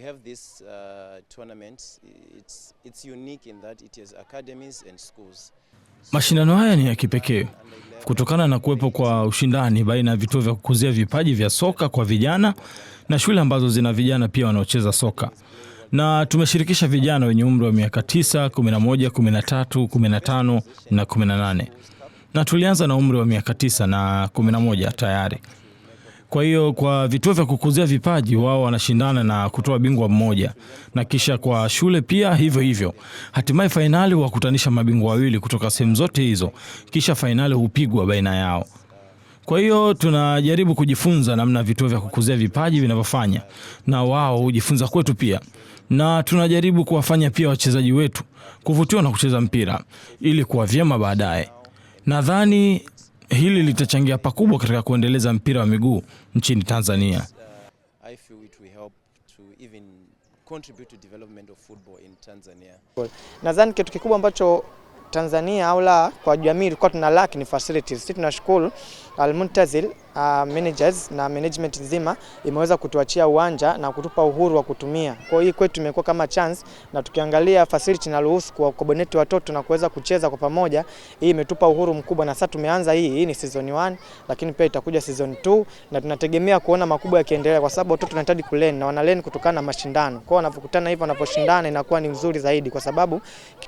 have this uh, tournament. It's, it's unique in that it has academies and schools. Mashindano haya ni ya kipekee kutokana na kuwepo kwa ushindani baina ya vituo vya kukuzia vipaji vya soka kwa vijana na shule ambazo zina vijana pia wanaocheza soka na tumeshirikisha vijana wenye umri wa miaka 9, 11, 13, 15 na 18 na tulianza na umri wa miaka 9 na 11 tayari. Kwa hiyo kwa vituo vya kukuzia vipaji wao wanashindana na kutoa bingwa mmoja, na kisha kwa shule pia hivyo hivyo. Hatimaye fainali wakutanisha mabingwa wawili kutoka sehemu zote hizo, kisha fainali hupigwa baina yao. Kwa hiyo tunajaribu kujifunza namna vituo vya kukuzia vipaji vinavyofanya, na wao hujifunza kwetu pia, na tunajaribu kuwafanya pia wachezaji wetu kuvutiwa na kucheza mpira ili kuwa vyema baadaye. Nadhani Hili litachangia pakubwa katika kuendeleza mpira wa miguu nchini Tanzania. Nadhani kitu kikubwa ambacho Tanzania au la, kwa jamii ilikuwa tuna lack ni facilities. Sisi tunashukuru uh, Almuntazil uh, managers na management nzima imeweza kutuachia uwanja na kutupa uhuru wa kutumia. Kwa hiyo kwetu imekuwa kama chance, na tukiangalia facility na ruhusa kwa kuboneti watoto na kuweza kucheza kwa pamoja, hii imetupa uhuru mkubwa, na sasa tumeanza hii. Hii ni season 1 lakini pia itakuja season 2 na tunategemea kuona makubwa yakiendelea, kwa sababu watoto wanahitaji kulen na wanalen kutokana na mashindano. Kwa hiyo wanapokutana hivyo, wanaposhindana inakuwa ni nzuri zaidi, kwa sababu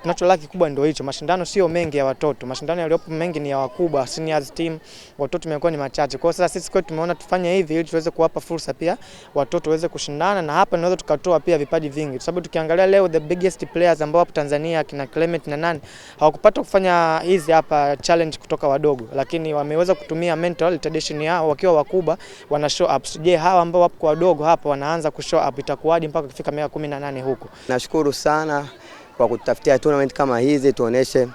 tunacholaki kubwa ndio hicho mashindano mashindano sio mengi ya watoto, mashindano yaliyopo mengi ni ya wakubwa, seniors team, watoto imekuwa ni machache. Kwa sasa sisi kwetu tumeona tufanye hivi ili tuweze kuwapa fursa pia watoto waweze kushindana, na hapa naweza tukatoa pia vipaji vingi, kwa sababu tukiangalia leo the biggest players ambao hapo Tanzania kina Clement na nani hawakupata kufanya hizi hapa challenge kutoka wadogo, lakini wameweza kutumia mental tradition yao wakiwa wakubwa, wana show up. Je, hawa ambao wapo kwa wadogo hapa wanaanza kushow up itakuwaje mpaka kufika miaka 18 huko? Nashukuru sana kwa kutafutia tournament kama hizi, tuoneshe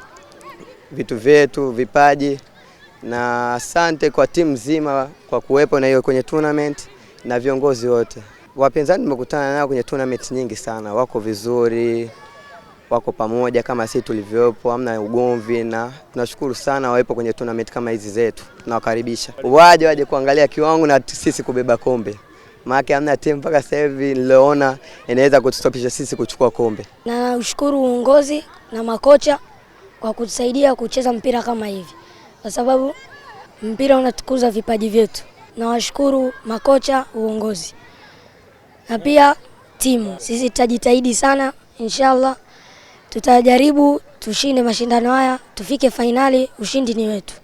vitu vyetu, vipaji na asante kwa timu nzima kwa kuwepo na hiyo kwenye tournament na viongozi wote. Wapinzani tumekutana nao kwenye tournament nyingi sana, wako vizuri, wako pamoja kama sisi tulivyopo, hamna ugomvi, na tunashukuru sana wawepo kwenye tournament kama hizi zetu. Tunawakaribisha waje waje kuangalia kiwango na sisi kubeba kombe maana hamna timu mpaka sasa hivi niliona inaweza kutustopisha sisi kuchukua kombe. Na ushukuru uongozi na makocha kwa kutusaidia kucheza mpira kama hivi, kwa sababu mpira unatukuza vipaji vyetu. Nawashukuru makocha, uongozi na pia timu. Sisi tutajitahidi sana, inshallah tutajaribu tushinde mashindano haya, tufike fainali, ushindi ni wetu.